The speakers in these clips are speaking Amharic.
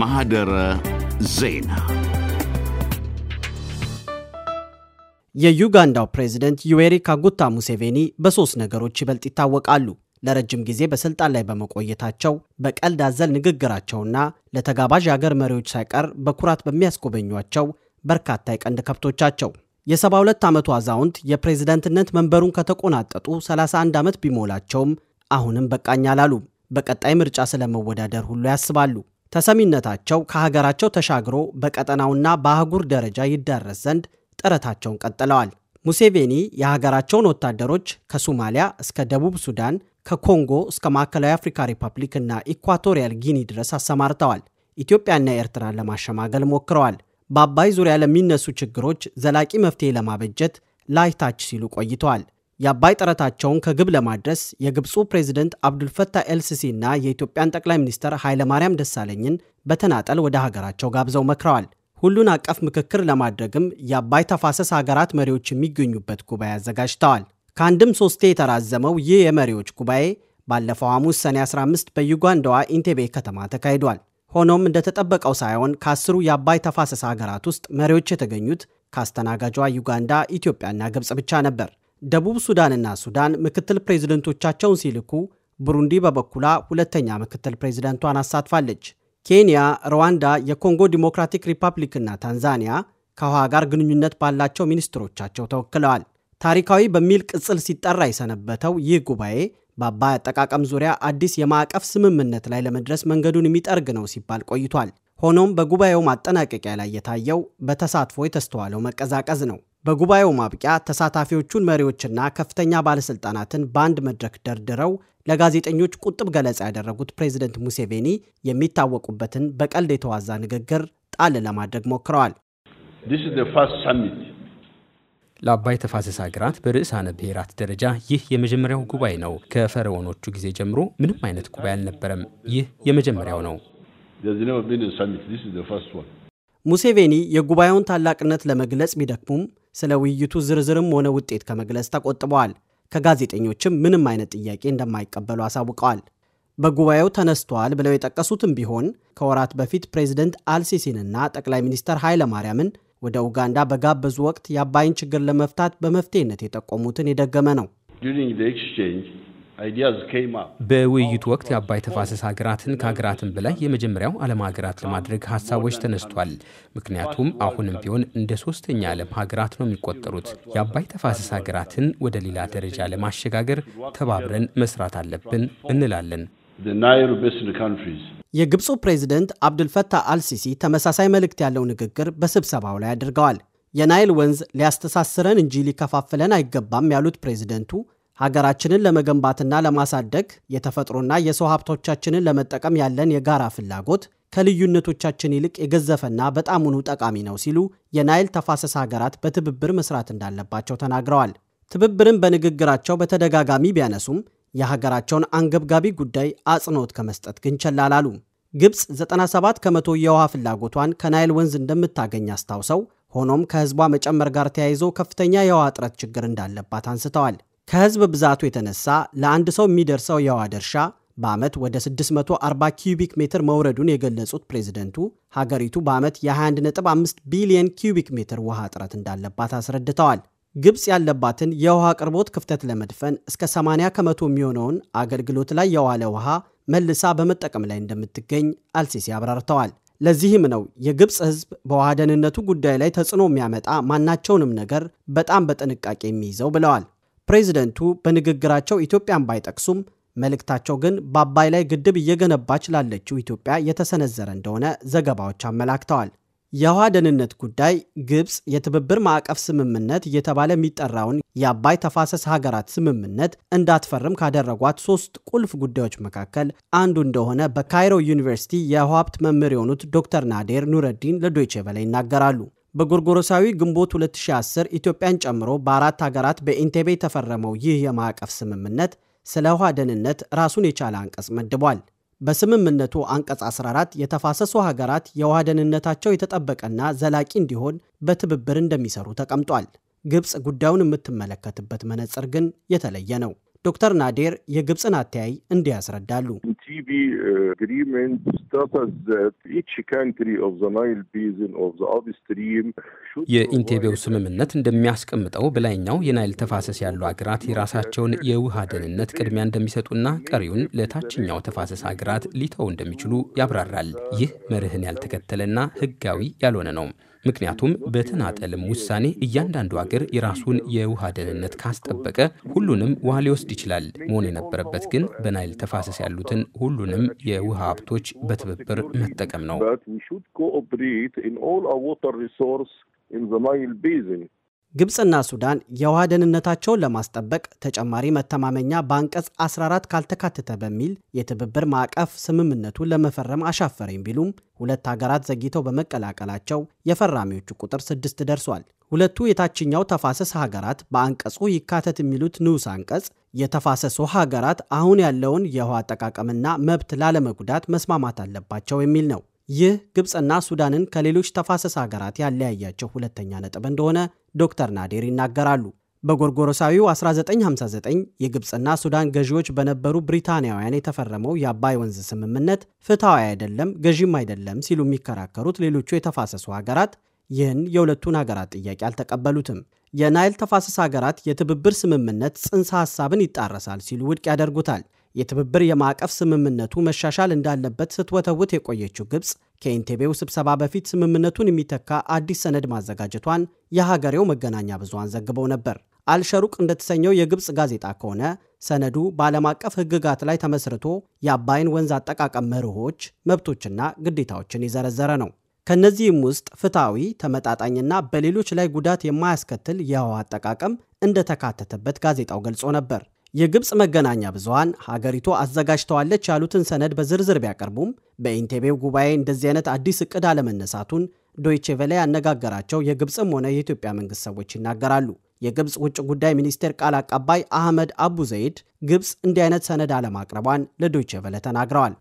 ማህደረ ዜና የዩጋንዳው ፕሬዝደንት ዩዌሪ ካጉታ ሙሴቬኒ በሦስት ነገሮች ይበልጥ ይታወቃሉ። ለረጅም ጊዜ በስልጣን ላይ በመቆየታቸው፣ በቀልድ አዘል ንግግራቸውና ለተጋባዥ አገር መሪዎች ሳይቀር በኩራት በሚያስጎበኟቸው በርካታ የቀንድ ከብቶቻቸው። የ72 ዓመቱ አዛውንት የፕሬዝደንትነት መንበሩን ከተቆናጠጡ 31 ዓመት ቢሞላቸውም አሁንም በቃኝ አላሉም። በቀጣይ ምርጫ ስለመወዳደር ሁሉ ያስባሉ። ተሰሚነታቸው ከሀገራቸው ተሻግሮ በቀጠናውና በአህጉር ደረጃ ይዳረስ ዘንድ ጥረታቸውን ቀጥለዋል። ሙሴቬኒ የሀገራቸውን ወታደሮች ከሶማሊያ እስከ ደቡብ ሱዳን፣ ከኮንጎ እስከ ማዕከላዊ አፍሪካ ሪፐብሊክ እና ኢኳቶሪያል ጊኒ ድረስ አሰማርተዋል። ኢትዮጵያና ኤርትራን ለማሸማገል ሞክረዋል። በአባይ ዙሪያ ለሚነሱ ችግሮች ዘላቂ መፍትሄ ለማበጀት ላይታች ሲሉ ቆይተዋል። የአባይ ጥረታቸውን ከግብ ለማድረስ የግብፁ ፕሬዚደንት አብዱልፈታህ ኤልሲሲ እና የኢትዮጵያን ጠቅላይ ሚኒስትር ኃይለማርያም ደሳለኝን በተናጠል ወደ ሀገራቸው ጋብዘው መክረዋል። ሁሉን አቀፍ ምክክር ለማድረግም የአባይ ተፋሰስ ሀገራት መሪዎች የሚገኙበት ጉባኤ አዘጋጅተዋል። ከአንድም ሶስቴ የተራዘመው ይህ የመሪዎች ጉባኤ ባለፈው ሐሙስ ሰኔ 15 በዩጋንዳዋ ኢንቴቤ ከተማ ተካሂዷል። ሆኖም እንደተጠበቀው ሳይሆን ከአስሩ የአባይ ተፋሰስ ሀገራት ውስጥ መሪዎች የተገኙት ከአስተናጋጇ ዩጋንዳ፣ ኢትዮጵያና ግብፅ ብቻ ነበር። ደቡብ ሱዳንና ሱዳን ምክትል ፕሬዝደንቶቻቸውን ሲልኩ፣ ብሩንዲ በበኩሏ ሁለተኛ ምክትል ፕሬዝደንቷን አሳትፋለች። ኬንያ፣ ሩዋንዳ፣ የኮንጎ ዲሞክራቲክ ሪፐብሊክና ታንዛኒያ ከውሃ ጋር ግንኙነት ባላቸው ሚኒስትሮቻቸው ተወክለዋል። ታሪካዊ በሚል ቅጽል ሲጠራ የሰነበተው ይህ ጉባኤ በአባይ አጠቃቀም ዙሪያ አዲስ የማዕቀፍ ስምምነት ላይ ለመድረስ መንገዱን የሚጠርግ ነው ሲባል ቆይቷል። ሆኖም በጉባኤው ማጠናቀቂያ ላይ የታየው በተሳትፎ የተስተዋለው መቀዛቀዝ ነው። በጉባኤው ማብቂያ ተሳታፊዎቹን መሪዎችና ከፍተኛ ባለሥልጣናትን በአንድ መድረክ ደርድረው ለጋዜጠኞች ቁጥብ ገለጻ ያደረጉት ፕሬዚደንት ሙሴቬኒ የሚታወቁበትን በቀልድ የተዋዛ ንግግር ጣል ለማድረግ ሞክረዋል። ለአባይ ተፋሰስ ሀገራት በርዕሳነ ብሔራት ደረጃ ይህ የመጀመሪያው ጉባኤ ነው። ከፈርዖኖቹ ጊዜ ጀምሮ ምንም አይነት ጉባኤ አልነበረም። ይህ የመጀመሪያው ነው። ሙሴቬኒ የጉባኤውን ታላቅነት ለመግለጽ ቢደክሙም ስለ ውይይቱ ዝርዝርም ሆነ ውጤት ከመግለጽ ተቆጥበዋል። ከጋዜጠኞችም ምንም አይነት ጥያቄ እንደማይቀበሉ አሳውቀዋል። በጉባኤው ተነስተዋል ብለው የጠቀሱትም ቢሆን ከወራት በፊት ፕሬዚደንት አልሲሲንና ጠቅላይ ሚኒስትር ማርያምን ወደ ኡጋንዳ በጋበዙ ወቅት የአባይን ችግር ለመፍታት በመፍትሄነት የጠቆሙትን የደገመ ነው። በውይይቱ ወቅት የአባይ ተፋሰስ ሀገራትን ከሀገራትን በላይ የመጀመሪያው ዓለም ሀገራት ለማድረግ ሀሳቦች ተነስቷል። ምክንያቱም አሁንም ቢሆን እንደ ሶስተኛ ዓለም ሀገራት ነው የሚቆጠሩት። የአባይ ተፋሰስ ሀገራትን ወደ ሌላ ደረጃ ለማሸጋገር ተባብረን መስራት አለብን እንላለን። የግብፁ ፕሬዚደንት አብዱልፈታህ አልሲሲ ተመሳሳይ መልእክት ያለው ንግግር በስብሰባው ላይ አድርገዋል። የናይል ወንዝ ሊያስተሳስረን እንጂ ሊከፋፍለን አይገባም ያሉት ፕሬዚደንቱ ሀገራችንን ለመገንባትና ለማሳደግ የተፈጥሮና የሰው ሀብቶቻችንን ለመጠቀም ያለን የጋራ ፍላጎት ከልዩነቶቻችን ይልቅ የገዘፈና በጣሙኑ ጠቃሚ ነው ሲሉ የናይል ተፋሰስ ሀገራት በትብብር መስራት እንዳለባቸው ተናግረዋል። ትብብርን በንግግራቸው በተደጋጋሚ ቢያነሱም የሀገራቸውን አንገብጋቢ ጉዳይ አጽንኦት ከመስጠት ግን ቸል አላሉ። ግብፅ 97 ከመቶ የውሃ ፍላጎቷን ከናይል ወንዝ እንደምታገኝ አስታውሰው ሆኖም ከህዝቧ መጨመር ጋር ተያይዞ ከፍተኛ የውሃ እጥረት ችግር እንዳለባት አንስተዋል። ከህዝብ ብዛቱ የተነሳ ለአንድ ሰው የሚደርሰው የውሃ ድርሻ በዓመት ወደ 640 ኪዩቢክ ሜትር መውረዱን የገለጹት ፕሬዝደንቱ ሀገሪቱ በዓመት የ21.5 ቢሊየን ኪዩቢክ ሜትር ውሃ እጥረት እንዳለባት አስረድተዋል። ግብፅ ያለባትን የውሃ አቅርቦት ክፍተት ለመድፈን እስከ 80 ከመቶ የሚሆነውን አገልግሎት ላይ የዋለ ውሃ መልሳ በመጠቀም ላይ እንደምትገኝ አልሲሲ አብራርተዋል። ለዚህም ነው የግብፅ ህዝብ በውሃ ደህንነቱ ጉዳይ ላይ ተጽዕኖ የሚያመጣ ማናቸውንም ነገር በጣም በጥንቃቄ የሚይዘው ብለዋል። ፕሬዚደንቱ በንግግራቸው ኢትዮጵያን ባይጠቅሱም መልእክታቸው ግን በአባይ ላይ ግድብ እየገነባች ላለችው ኢትዮጵያ የተሰነዘረ እንደሆነ ዘገባዎች አመላክተዋል። የውሃ ደህንነት ጉዳይ ግብፅ የትብብር ማዕቀፍ ስምምነት እየተባለ የሚጠራውን የአባይ ተፋሰስ ሀገራት ስምምነት እንዳትፈርም ካደረጓት ሶስት ቁልፍ ጉዳዮች መካከል አንዱ እንደሆነ በካይሮ ዩኒቨርሲቲ የውሃ ሀብት መምህር የሆኑት ዶክተር ናዴር ኑረዲን ለዶይቼ በላይ ይናገራሉ። በጎርጎሮሳዊ ግንቦት 2010 ኢትዮጵያን ጨምሮ በአራት ሀገራት በኢንቴቤ የተፈረመው ይህ የማዕቀፍ ስምምነት ስለ ውሃ ደህንነት ራሱን የቻለ አንቀጽ መድቧል። በስምምነቱ አንቀጽ 14 የተፋሰሱ ሀገራት የውሃ ደህንነታቸው የተጠበቀና ዘላቂ እንዲሆን በትብብር እንደሚሰሩ ተቀምጧል። ግብፅ ጉዳዩን የምትመለከትበት መነጽር ግን የተለየ ነው። ዶክተር ናዴር የግብፅን አተያይ እንዲህ ያስረዳሉ። uh, የኢንቴቤው ስምምነት እንደሚያስቀምጠው በላይኛው የናይል ተፋሰስ ያሉ ሀገራት የራሳቸውን የውሃ ደህንነት ቅድሚያ እንደሚሰጡና ቀሪውን ለታችኛው ተፋሰስ ሀገራት ሊተው እንደሚችሉ ያብራራል። ይህ መርህን ያልተከተለና ሕጋዊ ያልሆነ ነው። ምክንያቱም በተናጠልም ውሳኔ እያንዳንዱ አገር የራሱን የውሃ ደህንነት ካስጠበቀ ሁሉንም ውሃ ሊወስድ ይችላል። መሆን የነበረበት ግን በናይል ተፋሰስ ያሉትን ሁሉንም የውሃ ሀብቶች በትብብር መጠቀም ነው። ግብፅና ሱዳን የውሃ ደህንነታቸውን ለማስጠበቅ ተጨማሪ መተማመኛ በአንቀጽ 14 ካልተካተተ በሚል የትብብር ማዕቀፍ ስምምነቱን ለመፈረም አሻፈረኝ ቢሉም ሁለት ሀገራት ዘግይተው በመቀላቀላቸው የፈራሚዎቹ ቁጥር ስድስት ደርሷል። ሁለቱ የታችኛው ተፋሰስ ሀገራት በአንቀጹ ይካተት የሚሉት ንዑስ አንቀጽ የተፋሰሱ ሀገራት አሁን ያለውን የውሃ አጠቃቀምና መብት ላለመጉዳት መስማማት አለባቸው የሚል ነው። ይህ ግብፅና ሱዳንን ከሌሎች ተፋሰስ ሀገራት ያለያያቸው ሁለተኛ ነጥብ እንደሆነ ዶክተር ናዴር ይናገራሉ። በጎርጎሮሳዊው 1959 የግብፅና ሱዳን ገዢዎች በነበሩ ብሪታንያውያን የተፈረመው የአባይ ወንዝ ስምምነት ፍትሐዊ አይደለም፣ ገዢም አይደለም ሲሉ የሚከራከሩት ሌሎቹ የተፋሰሱ ሀገራት ይህን የሁለቱን ሀገራት ጥያቄ አልተቀበሉትም። የናይል ተፋሰስ ሀገራት የትብብር ስምምነት ጽንሰ ሐሳብን ይጣረሳል ሲሉ ውድቅ ያደርጉታል። የትብብር የማዕቀፍ ስምምነቱ መሻሻል እንዳለበት ስትወተውት የቆየችው ግብፅ ከኢንቴቤው ስብሰባ በፊት ስምምነቱን የሚተካ አዲስ ሰነድ ማዘጋጀቷን የሀገሬው መገናኛ ብዙሃን ዘግበው ነበር። አልሸሩቅ እንደተሰኘው የግብፅ ጋዜጣ ከሆነ ሰነዱ በዓለም አቀፍ ሕግጋት ላይ ተመስርቶ የአባይን ወንዝ አጠቃቀም መርሆች፣ መብቶችና ግዴታዎችን የዘረዘረ ነው። ከእነዚህም ውስጥ ፍትሐዊ፣ ተመጣጣኝና በሌሎች ላይ ጉዳት የማያስከትል የውሃ አጠቃቀም እንደተካተተበት ጋዜጣው ገልጾ ነበር። የግብፅ መገናኛ ብዙሃን ሀገሪቱ አዘጋጅተዋለች ያሉትን ሰነድ በዝርዝር ቢያቀርቡም በኢንቴቤው ጉባኤ እንደዚህ አይነት አዲስ እቅድ አለመነሳቱን ዶይቼ ቬለ ያነጋገራቸው የግብፅም ሆነ የኢትዮጵያ መንግስት ሰዎች ይናገራሉ። የግብፅ ውጭ ጉዳይ ሚኒስቴር ቃል አቀባይ አህመድ አቡ ዘይድ ግብፅ እንዲህ አይነት ሰነድ አለማቅረቧን ለዶይቼ ቬለ ተናግረዋል።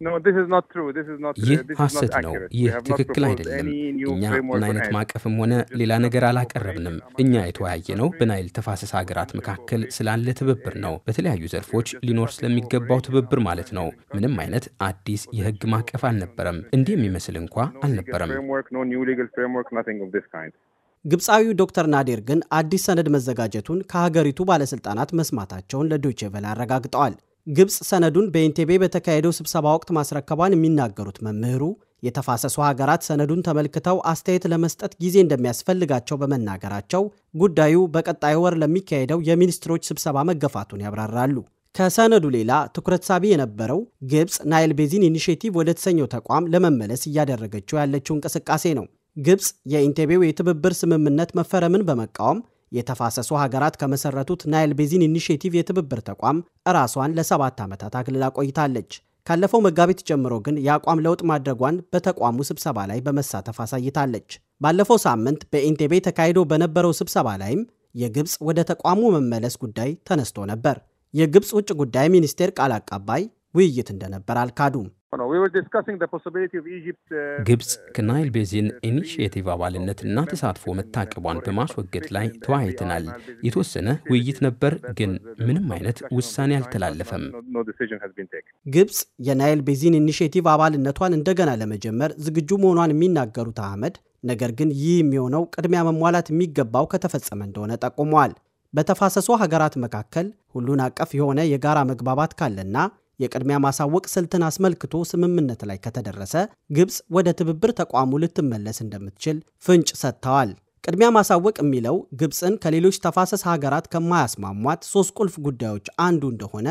ይህ ሐሰት ነው። ይህ ትክክል አይደለም። እኛ ምን አይነት ማዕቀፍም ሆነ ሌላ ነገር አላቀረብንም። እኛ የተወያየ ነው በናይል ተፋሰስ ሀገራት መካከል ስላለ ትብብር ነው። በተለያዩ ዘርፎች ሊኖር ስለሚገባው ትብብር ማለት ነው። ምንም አይነት አዲስ የህግ ማዕቀፍ አልነበረም። እንዲህ የሚመስል እንኳ አልነበረም። ግብፃዊው ዶክተር ናዴር ግን አዲስ ሰነድ መዘጋጀቱን ከሀገሪቱ ባለሥልጣናት መስማታቸውን ለዶቼቨል አረጋግጠዋል። ግብፅ ሰነዱን በኢንቴቤ በተካሄደው ስብሰባ ወቅት ማስረከቧን የሚናገሩት መምህሩ የተፋሰሱ ሀገራት ሰነዱን ተመልክተው አስተያየት ለመስጠት ጊዜ እንደሚያስፈልጋቸው በመናገራቸው ጉዳዩ በቀጣይ ወር ለሚካሄደው የሚኒስትሮች ስብሰባ መገፋቱን ያብራራሉ። ከሰነዱ ሌላ ትኩረት ሳቢ የነበረው ግብፅ ናይል ቤዚን ኢኒሽቲቭ ወደ ተሰኘው ተቋም ለመመለስ እያደረገችው ያለችው እንቅስቃሴ ነው። ግብፅ የኢንቴቤው የትብብር ስምምነት መፈረምን በመቃወም የተፋሰሱ ሀገራት ከመሰረቱት ናይል ቤዚን ኢኒሽቲቭ የትብብር ተቋም ራሷን ለሰባት ዓመታት አግልላ ቆይታለች። ካለፈው መጋቢት ጀምሮ ግን የአቋም ለውጥ ማድረጓን በተቋሙ ስብሰባ ላይ በመሳተፍ አሳይታለች። ባለፈው ሳምንት በኢንቴቤ ተካሂዶ በነበረው ስብሰባ ላይም የግብፅ ወደ ተቋሙ መመለስ ጉዳይ ተነስቶ ነበር። የግብፅ ውጭ ጉዳይ ሚኒስቴር ቃል አቀባይ ውይይት እንደነበር አልካዱም። Uh, ግብጽ ከናይል uh, ቤዚን uh, አባልነት እና ተሳትፎ መታቀቧን በማስወገድ ላይ ተወያይተናል። የተወሰነ ውይይት ነበር፣ ግን ምንም አይነት ውሳኔ አልተላለፈም። ግብፅ የናይል ቤዚን ኢኒሽቲቭ አባልነቷን እንደገና ለመጀመር ዝግጁ መሆኗን የሚናገሩት አህመድ፣ ነገር ግን ይህ የሚሆነው ቅድሚያ መሟላት የሚገባው ከተፈጸመ እንደሆነ ጠቁመዋል። በተፋሰሱ ሀገራት መካከል ሁሉን አቀፍ የሆነ የጋራ መግባባት ካለና የቅድሚያ ማሳወቅ ስልትን አስመልክቶ ስምምነት ላይ ከተደረሰ ግብፅ ወደ ትብብር ተቋሙ ልትመለስ እንደምትችል ፍንጭ ሰጥተዋል። ቅድሚያ ማሳወቅ የሚለው ግብፅን ከሌሎች ተፋሰስ ሀገራት ከማያስማሟት ሶስት ቁልፍ ጉዳዮች አንዱ እንደሆነ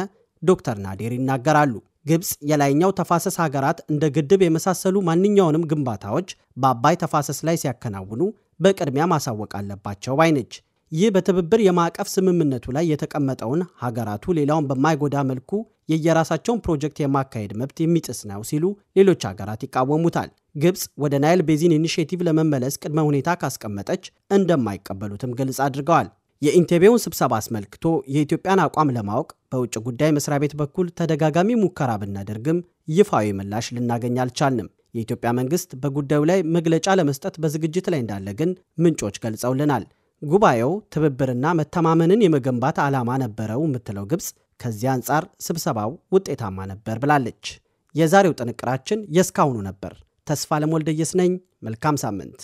ዶክተር ናዴር ይናገራሉ። ግብፅ የላይኛው ተፋሰስ ሀገራት እንደ ግድብ የመሳሰሉ ማንኛውንም ግንባታዎች በአባይ ተፋሰስ ላይ ሲያከናውኑ በቅድሚያ ማሳወቅ አለባቸው ባይ ነች። ይህ በትብብር የማዕቀፍ ስምምነቱ ላይ የተቀመጠውን ሀገራቱ ሌላውን በማይጎዳ መልኩ የየራሳቸውን ፕሮጀክት የማካሄድ መብት የሚጥስ ነው ሲሉ ሌሎች ሀገራት ይቃወሙታል። ግብፅ ወደ ናይል ቤዚን ኢኒሽቲቭ ለመመለስ ቅድመ ሁኔታ ካስቀመጠች እንደማይቀበሉትም ግልጽ አድርገዋል። የኢንቴቤውን ስብሰባ አስመልክቶ የኢትዮጵያን አቋም ለማወቅ በውጭ ጉዳይ መስሪያ ቤት በኩል ተደጋጋሚ ሙከራ ብናደርግም ይፋዊ ምላሽ ልናገኝ አልቻልንም። የኢትዮጵያ መንግስት በጉዳዩ ላይ መግለጫ ለመስጠት በዝግጅት ላይ እንዳለ ግን ምንጮች ገልጸውልናል። ጉባኤው ትብብርና መተማመንን የመገንባት ዓላማ ነበረው የምትለው ግብፅ ከዚያ አንጻር ስብሰባው ውጤታማ ነበር ብላለች። የዛሬው ጥንቅራችን የእስካሁኑ ነበር። ተስፋ ለሞልደየስ ነኝ። መልካም ሳምንት።